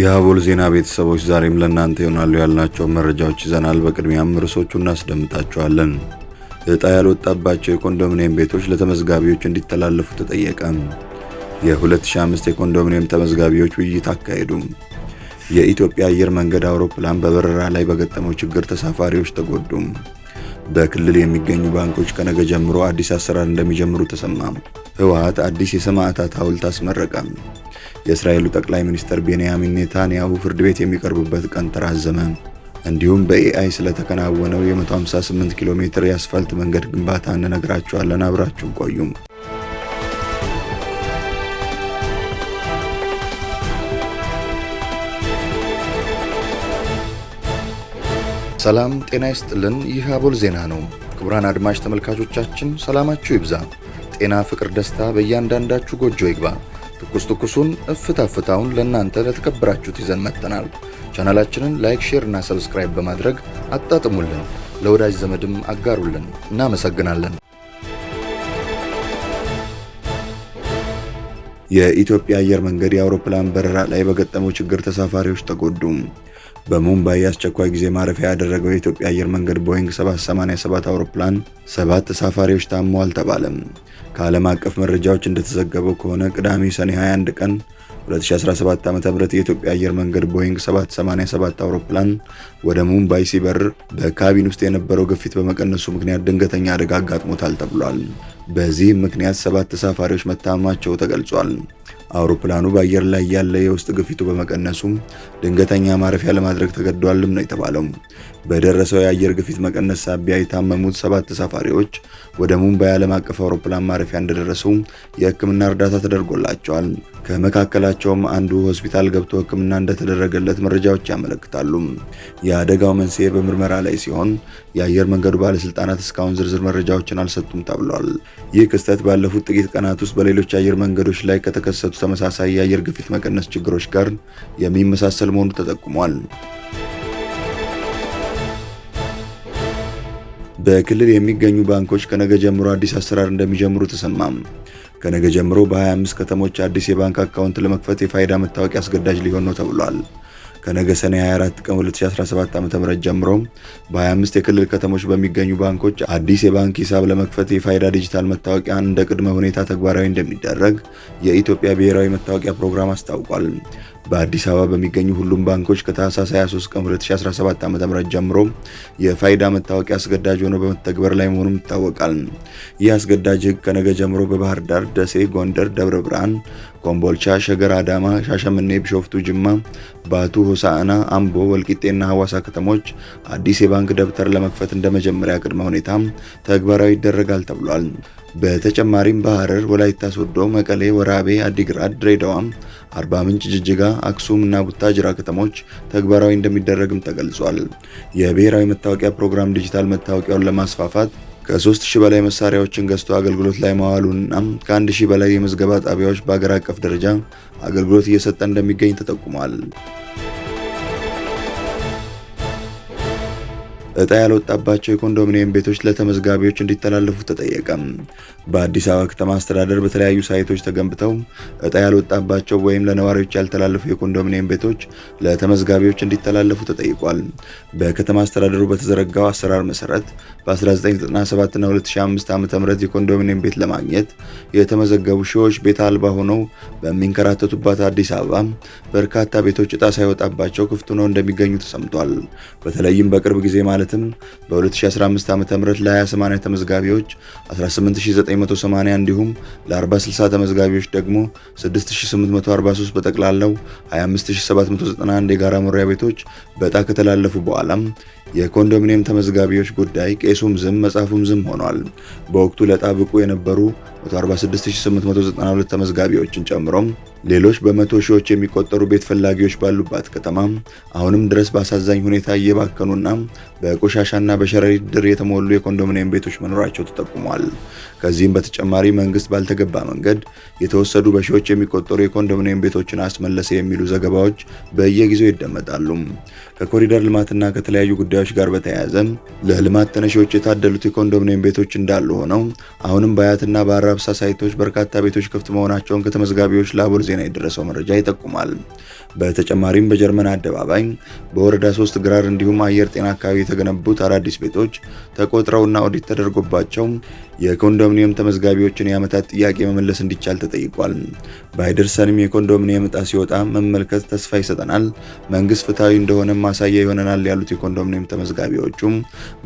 የአቦል ዜና ቤተሰቦች ዛሬም ለእናንተ ይሆናሉ ያልናቸው መረጃዎች ይዘናል። በቅድሚያም ርዕሶቹ እናስደምጣቸዋለን። እጣ ያልወጣባቸው የኮንዶሚኒየም ቤቶች ለተመዝጋቢዎች እንዲተላለፉ ተጠየቀ። የ2005 የኮንዶሚኒየም ተመዝጋቢዎች ውይይት አካሄዱ። የኢትዮጵያ አየር መንገድ አውሮፕላን በበረራ ላይ በገጠመው ችግር ተሳፋሪዎች ተጎዱም። በክልል የሚገኙ ባንኮች ከነገ ጀምሮ አዲስ አሰራር እንደሚጀምሩ ተሰማ። ህወሓት አዲስ የሰማዕታት ሐውልት አስመረቀም። የእስራኤሉ ጠቅላይ ሚኒስትር ቤንያሚን ኔታንያሁ ፍርድ ቤት የሚቀርቡበት ቀን ተራዘመ። እንዲሁም በኤአይ ስለተከናወነው የ158 ኪሎ ሜትር የአስፋልት መንገድ ግንባታ እንነግራችኋለን። አብራችሁን ቆዩም። ሰላም ጤና ይስጥልን። ይህ አቦል ዜና ነው። ክቡራን አድማጭ ተመልካቾቻችን ሰላማችሁ ይብዛ፣ ጤና፣ ፍቅር፣ ደስታ በእያንዳንዳችሁ ጎጆ ይግባ። ትኩስ ትኩሱን እፍታ ፍታውን ለእናንተ ለተከበራችሁት ይዘን መጥተናል። ቻናላችንን ላይክ፣ ሼር እና ሰብስክራይብ በማድረግ አጣጥሙልን፣ ለወዳጅ ዘመድም አጋሩልን። እናመሰግናለን። የኢትዮጵያ አየር መንገድ የአውሮፕላን በረራ ላይ በገጠመው ችግር ተሳፋሪዎች ተጎዱ። በሙምባይ የአስቸኳይ ጊዜ ማረፊያ ያደረገው የኢትዮጵያ አየር መንገድ ቦይንግ 787 አውሮፕላን ሰባት ተሳፋሪዎች ታመዋል አልተባለም። ከዓለም አቀፍ መረጃዎች እንደተዘገበው ከሆነ ቅዳሜ ሰኔ 21 ቀን 2017 ዓ.ም የኢትዮጵያ አየር መንገድ ቦይንግ 787 አውሮፕላን ወደ ሙምባይ ሲበር በካቢን ውስጥ የነበረው ግፊት በመቀነሱ ምክንያት ድንገተኛ አደጋ አጋጥሞታል ተብሏል። በዚህም ምክንያት ሰባት ተሳፋሪዎች መታመማቸው ተገልጿል። አውሮፕላኑ በአየር ላይ ያለ የውስጥ ግፊቱ በመቀነሱም ድንገተኛ ማረፊያ ለማድረግ ተገዷልም ነው የተባለው። በደረሰው የአየር ግፊት መቀነስ ሳቢያ የታመሙት ሰባት ተሳፋሪዎች ወደ ሙምባይ ዓለም አቀፍ አውሮፕላን ማረፊያ እንደደረሱ የሕክምና እርዳታ ተደርጎላቸዋል። ከመካከላቸውም አንዱ ሆስፒታል ገብቶ ሕክምና እንደተደረገለት መረጃዎች ያመለክታሉ። የአደጋው መንስኤ በምርመራ ላይ ሲሆን የአየር መንገዱ ባለስልጣናት እስካሁን ዝርዝር መረጃዎችን አልሰጡም ተብሏል። ይህ ክስተት ባለፉት ጥቂት ቀናት ውስጥ በሌሎች የአየር መንገዶች ላይ ከተከሰቱ ተመሳሳይ የአየር ግፊት መቀነስ ችግሮች ጋር የሚመሳሰል መሆኑ ተጠቁሟል። በክልል የሚገኙ ባንኮች ከነገ ጀምሮ አዲስ አሰራር እንደሚጀምሩ ተሰማም። ከነገ ጀምሮ በ25 ከተሞች አዲስ የባንክ አካውንት ለመክፈት የፋይዳ መታወቂያ አስገዳጅ ሊሆን ነው ተብሏል። ከነገ ሰኔ 24 ቀን 2017 ዓ.ም ጀምሮ በ25 የክልል ከተሞች በሚገኙ ባንኮች አዲስ የባንክ ሂሳብ ለመክፈት የፋይዳ ዲጂታል መታወቂያ እንደ ቅድመ ሁኔታ ተግባራዊ እንደሚደረግ የኢትዮጵያ ብሔራዊ መታወቂያ ፕሮግራም አስታውቋል። በአዲስ አበባ በሚገኙ ሁሉም ባንኮች ከታህሳስ 23 ቀን 2017 ዓ.ም ጀምሮ የፋይዳ መታወቂያ አስገዳጅ ሆኖ በመተግበር ላይ መሆኑም ይታወቃል። ይህ አስገዳጅ ህግ ከነገ ጀምሮ በባህር ዳር፣ ደሴ፣ ጎንደር፣ ደብረ ብርሃን፣ ኮምቦልቻ፣ ሸገር፣ አዳማ፣ ሻሸምኔ፣ ቢሾፍቱ፣ ጅማ፣ ባቱ፣ ሆሳዕና፣ አምቦ፣ ወልቂጤና ሐዋሳ ከተሞች አዲስ የባንክ ደብተር ለመክፈት እንደ መጀመሪያ ቅድመ ሁኔታ ተግባራዊ ይደረጋል ተብሏል። በተጨማሪም በሐረር፣ ወላይታ ሶዶ፣ መቀሌ፣ ወራቤ፣ አዲግራት፣ ድሬዳዋም አርባ ምንጭ፣ ጅጅጋ፣ አክሱም እና ቡታጅራ ከተሞች ተግባራዊ እንደሚደረግም ተገልጿል። የብሔራዊ መታወቂያ ፕሮግራም ዲጂታል መታወቂያውን ለማስፋፋት ከ ሺህ በላይ መሳሪያዎችን ገዝቶ አገልግሎት ላይ ማዋሉና ከ1 ሺህ በላይ የምዝገባ ጣቢያዎች በአገር አቀፍ ደረጃ አገልግሎት እየሰጠ እንደሚገኝ ተጠቁሟል። እጣ ያልወጣባቸው የኮንዶሚኒየም ቤቶች ለተመዝጋቢዎች እንዲተላለፉ ተጠየቀም። በአዲስ አበባ ከተማ አስተዳደር በተለያዩ ሳይቶች ተገንብተው እጣ ያልወጣባቸው ወይም ለነዋሪዎች ያልተላለፉ የኮንዶሚኒየም ቤቶች ለተመዝጋቢዎች እንዲተላለፉ ተጠይቋል። በከተማ አስተዳደሩ በተዘረጋው አሰራር መሰረት በ1997ና 2005 ዓ ም የኮንዶሚኒየም ቤት ለማግኘት የተመዘገቡ ሺዎች ቤት አልባ ሆነው በሚንከራተቱባት አዲስ አበባ በርካታ ቤቶች እጣ ሳይወጣባቸው ክፍት ሆነው እንደሚገኙ ተሰምቷል። በተለይም በቅርብ ጊዜ ማለት ማለትም በ2015 ዓ ም ለ28 ተመዝጋቢዎች 18980 እንዲሁም ለ4060 ተመዝጋቢዎች ደግሞ 6843 በጠቅላላው 25791 የጋራ መኖሪያ ቤቶች በዕጣ ከተላለፉ በኋላም የኮንዶሚኒየም ተመዝጋቢዎች ጉዳይ ቄሱም ዝም መጽሐፉም ዝም ሆኗል። በወቅቱ ለጣብቁ የነበሩ 146892 ተመዝጋቢዎችን ጨምሮ ሌሎች በመቶ ሺዎች የሚቆጠሩ ቤት ፈላጊዎች ባሉባት ከተማ አሁንም ድረስ በአሳዛኝ ሁኔታ እየባከኑና በቆሻሻና በሸረሪት ድር የተሞሉ የኮንዶሚኒየም ቤቶች መኖራቸው ተጠቁሟል። ከዚህም በተጨማሪ መንግስት ባልተገባ መንገድ የተወሰዱ በሺዎች የሚቆጠሩ የኮንዶሚኒየም ቤቶችን አስመለሰ የሚሉ ዘገባዎች በየጊዜው ይደመጣሉ። ከኮሪደር ልማትና ከተለያዩ ጉዳዮች ጉዳዮች ጋር በተያያዘ ለልማት ተነሺዎች የታደሉት የኮንዶሚኒየም ቤቶች እንዳሉ ሆነው አሁንም በአያትና በአራብሳ ሳይቶች በርካታ ቤቶች ክፍት መሆናቸውን ከተመዝጋቢዎች ለአቦል ዜና የደረሰው መረጃ ይጠቁማል። በተጨማሪም በጀርመን አደባባይ በወረዳ 3 ግራር እንዲሁም አየር ጤና አካባቢ የተገነቡት አዳዲስ ቤቶች ተቆጥረውና ኦዲት ተደርጎባቸው የኮንዶሚኒየም ተመዝጋቢዎችን የዓመታት ጥያቄ መመለስ እንዲቻል ተጠይቋል። ባይደርሰንም የኮንዶሚኒየም እጣ ሲወጣ መመልከት ተስፋ ይሰጠናል፣ መንግስት ፍትሐዊ እንደሆነ ማሳያ ይሆነናል ያሉት የኮንዶሚኒየም የፕሮግራም ተመዝጋቢዎቹም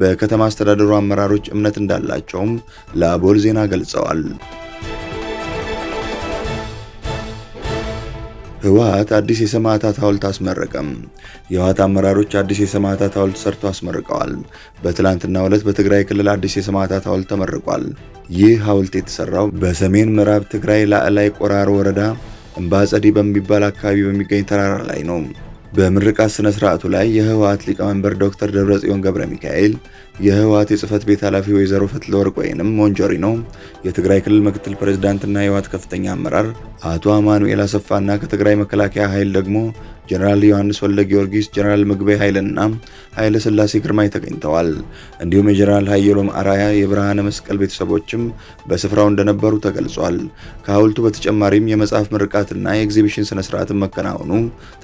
በከተማ አስተዳደሩ አመራሮች እምነት እንዳላቸውም ለአቦል ዜና ገልጸዋል። ህወሓት አዲስ የሰማዕታት ሐውልት አስመረቀም። የህወሓት አመራሮች አዲስ የሰማዕታት ሐውልት ሰርቶ አስመርቀዋል። በትላንትናው ዕለት በትግራይ ክልል አዲስ የሰማዕታት ሐውልት ተመርቋል። ይህ ሐውልት የተሰራው በሰሜን ምዕራብ ትግራይ ላዕላይ ቆራሮ ወረዳ እምባጸዲ በሚባል አካባቢ በሚገኝ ተራራ ላይ ነው። በምርቃት ስነ ስርዓቱ ላይ የህወሓት ሊቀመንበር ዶክተር ደብረጽዮን ገብረ ሚካኤል፣ የህወሓት የጽህፈት ቤት ኃላፊ ወይዘሮ ፈትለወርቅ ወይንም ነው። የትግራይ ክልል ምክትል ፕሬዝዳንትና የህወሓት ከፍተኛ አመራር አቶ አማኑኤል አሰፋና ከትግራይ መከላከያ ኃይል ደግሞ ጀነራል ዮሐንስ ወልደ ጊዮርጊስ፣ ጀነራል ምግበይ ኃይልና ኃይለ ስላሴ ግርማይ ተገኝተዋል። እንዲሁም የጀነራል ሀየሎም አራያ የብርሃነ መስቀል ቤተሰቦችም በስፍራው እንደነበሩ ተገልጿል። ከሐውልቱ በተጨማሪም የመጽሐፍ ምርቃትና የኤግዚቢሽን ስነስርዓትን መከናወኑ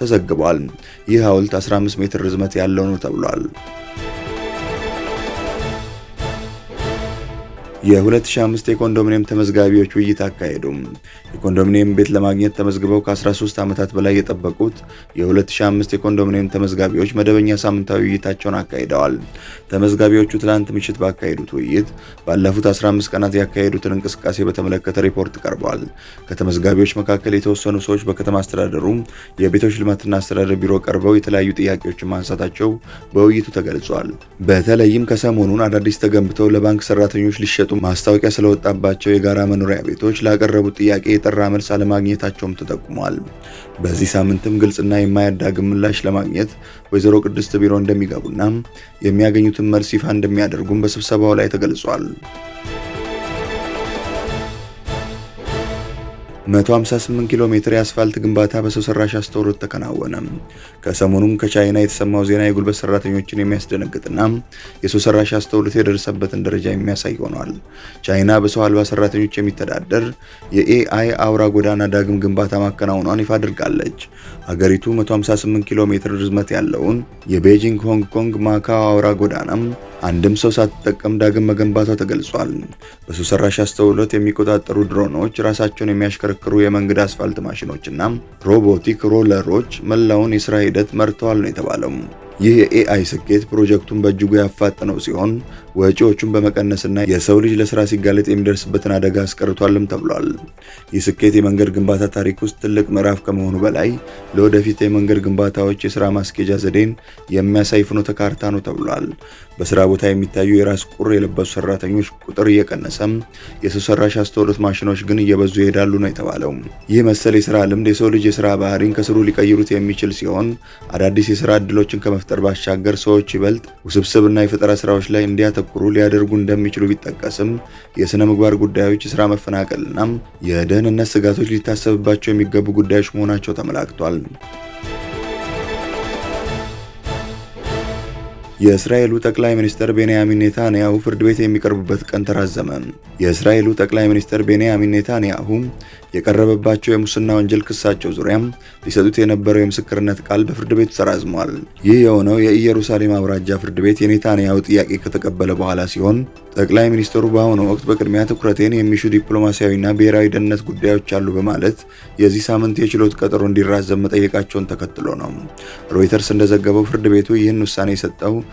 ተዘግቧል። ይህ ሐውልት 15 ሜትር ርዝመት ያለው ነው ተብሏል። የ2005 የኮንዶሚኒየም ተመዝጋቢዎች ውይይት አካሄዱም። የኮንዶሚኒየም ቤት ለማግኘት ተመዝግበው ከ13 ዓመታት በላይ የጠበቁት የ2005 የኮንዶሚኒየም ተመዝጋቢዎች መደበኛ ሳምንታዊ ውይይታቸውን አካሂደዋል። ተመዝጋቢዎቹ ትላንት ምሽት ባካሄዱት ውይይት ባለፉት 15 ቀናት ያካሄዱትን እንቅስቃሴ በተመለከተ ሪፖርት ቀርቧል። ከተመዝጋቢዎች መካከል የተወሰኑ ሰዎች በከተማ አስተዳደሩ የቤቶች ልማትና አስተዳደር ቢሮ ቀርበው የተለያዩ ጥያቄዎችን ማንሳታቸው በውይይቱ ተገልጿል። በተለይም ከሰሞኑን አዳዲስ ተገንብተው ለባንክ ሰራተኞች ሊሸጡ ማስታወቂያ ስለወጣባቸው የጋራ መኖሪያ ቤቶች ላቀረቡት ጥያቄ የጠራ መልስ አለማግኘታቸውም ተጠቁሟል። በዚህ ሳምንትም ግልጽና የማያዳግም ምላሽ ለማግኘት ወይዘሮ ቅድስት ቢሮ እንደሚገቡና የሚያገኙትን መልስ ይፋ እንደሚያደርጉም በስብሰባው ላይ ተገልጿል። 158 ኪሎ ሜትር የአስፋልት ግንባታ በሰው ሰራሽ አስተውሎት ተከናወነ። ከሰሞኑም ከቻይና የተሰማው ዜና የጉልበት ሰራተኞችን የሚያስደነግጥና የሰው ሰራሽ አስተውሎት የደረሰበትን ደረጃ የሚያሳይ ሆኗል። ቻይና በሰው አልባ ሰራተኞች የሚተዳደር የኤአይ አውራ ጎዳና ዳግም ግንባታ ማከናወኗን ይፋ አድርጋለች። ሀገሪቱ 158 ኪሎ ሜትር ርዝመት ያለውን የቤጂንግ ሆንግ ኮንግ ማካው አውራ ጎዳናም። አንድም ሰው ሳትጠቀም ዳግም መገንባቷ ተገልጿል። በሰው ሰራሽ አስተውሎት የሚቆጣጠሩ ድሮኖች፣ ራሳቸውን የሚያሽከረክሩ የመንገድ አስፋልት ማሽኖችና ሮቦቲክ ሮለሮች መላውን የስራ ሂደት መርተዋል ነው የተባለው። ይህ የኤአይ ስኬት ፕሮጀክቱን በእጅጉ ያፋጠነው ሲሆን ወጪዎቹን በመቀነስና የሰው ልጅ ለስራ ሲጋለጥ የሚደርስበትን አደጋ አስቀርቷልም ተብሏል። ይህ ስኬት የመንገድ ግንባታ ታሪክ ውስጥ ትልቅ ምዕራፍ ከመሆኑ በላይ ለወደፊት የመንገድ ግንባታዎች የስራ ማስኬጃ ዘዴን የሚያሳይ ፍኖተ ካርታ ነው ተብሏል። በስራ ቦታ የሚታዩ የራስ ቁር የለበሱ ሰራተኞች ቁጥር እየቀነሰም የሰው ሰራሽ አስተውሎት ማሽኖች ግን እየበዙ ይሄዳሉ ነው የተባለው። ይህ መሰል የስራ ልምድ የሰው ልጅ የስራ ባህሪን ከስሩ ሊቀይሩት የሚችል ሲሆን አዳዲስ የስራ እድሎችን ከመፍጠር ባሻገር ሰዎች ይበልጥ ውስብስብና የፈጠራ ስራዎች ላይ እንዲያተ እንዲያተኩሩ ሊያደርጉ እንደሚችሉ ቢጠቀስም የሥነ ምግባር ጉዳዮች፣ የሥራ መፈናቀልና የደህንነት ስጋቶች ሊታሰብባቸው የሚገቡ ጉዳዮች መሆናቸው ተመላክቷል። የእስራኤሉ ጠቅላይ ሚኒስትር ቤንያሚን ኔታንያሁ ፍርድ ቤት የሚቀርቡበት ቀን ተራዘመ። የእስራኤሉ ጠቅላይ ሚኒስትር ቤንያሚን ኔታንያሁ የቀረበባቸው የሙስና ወንጀል ክሳቸው ዙሪያ ሊሰጡት የነበረው የምስክርነት ቃል በፍርድ ቤቱ ተራዝሟል። ይህ የሆነው የኢየሩሳሌም አውራጃ ፍርድ ቤት የኔታንያሁ ጥያቄ ከተቀበለ በኋላ ሲሆን ጠቅላይ ሚኒስትሩ በአሁኑ ወቅት በቅድሚያ ትኩረቴን የሚሹ ዲፕሎማሲያዊና ብሔራዊ ደህንነት ጉዳዮች አሉ በማለት የዚህ ሳምንት የችሎት ቀጠሮ እንዲራዘም መጠየቃቸውን ተከትሎ ነው። ሮይተርስ እንደዘገበው ፍርድ ቤቱ ይህን ውሳኔ የሰጠው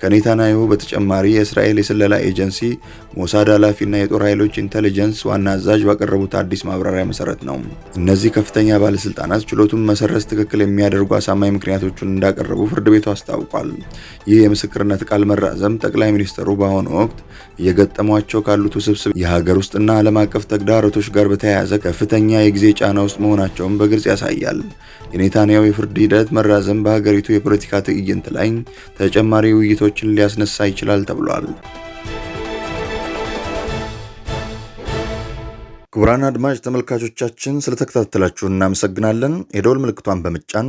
ከኔታንያሁ በተጨማሪ የእስራኤል የስለላ ኤጀንሲ ሞሳድ ኃላፊና የጦር ኃይሎች ኢንቴሊጀንስ ዋና አዛዥ ባቀረቡት አዲስ ማብራሪያ መሰረት ነው። እነዚህ ከፍተኛ ባለስልጣናት ችሎቱን መሰረስ ትክክል የሚያደርጉ አሳማኝ ምክንያቶቹን እንዳቀረቡ ፍርድ ቤቱ አስታውቋል። ይህ የምስክርነት ቃል መራዘም ጠቅላይ ሚኒስትሩ በአሁኑ ወቅት እየገጠሟቸው ካሉት ውስብስብ የሀገር ውስጥና ዓለም አቀፍ ተግዳሮቶች ጋር በተያያዘ ከፍተኛ የጊዜ ጫና ውስጥ መሆናቸውን በግልጽ ያሳያል። የኔታንያሁ የፍርድ ሂደት መራዘም በሀገሪቱ የፖለቲካ ትዕይንት ላይ ተጨማሪ ውይይቶች ጥያቄዎችን ሊያስነሳ ይችላል ተብሏል። ክቡራን አድማጭ ተመልካቾቻችን ስለተከታተላችሁ እናመሰግናለን። የደወል ምልክቷን በምጫን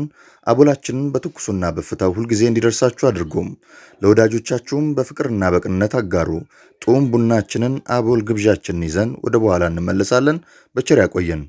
አቦላችንን በትኩሱና በፍታው ሁልጊዜ እንዲደርሳችሁ አድርጉም። ለወዳጆቻችሁም በፍቅርና በቅንነት አጋሩ። ጡም ቡናችንን አቦል ግብዣችንን ይዘን ወደ በኋላ እንመለሳለን። በቸር ያቆየን።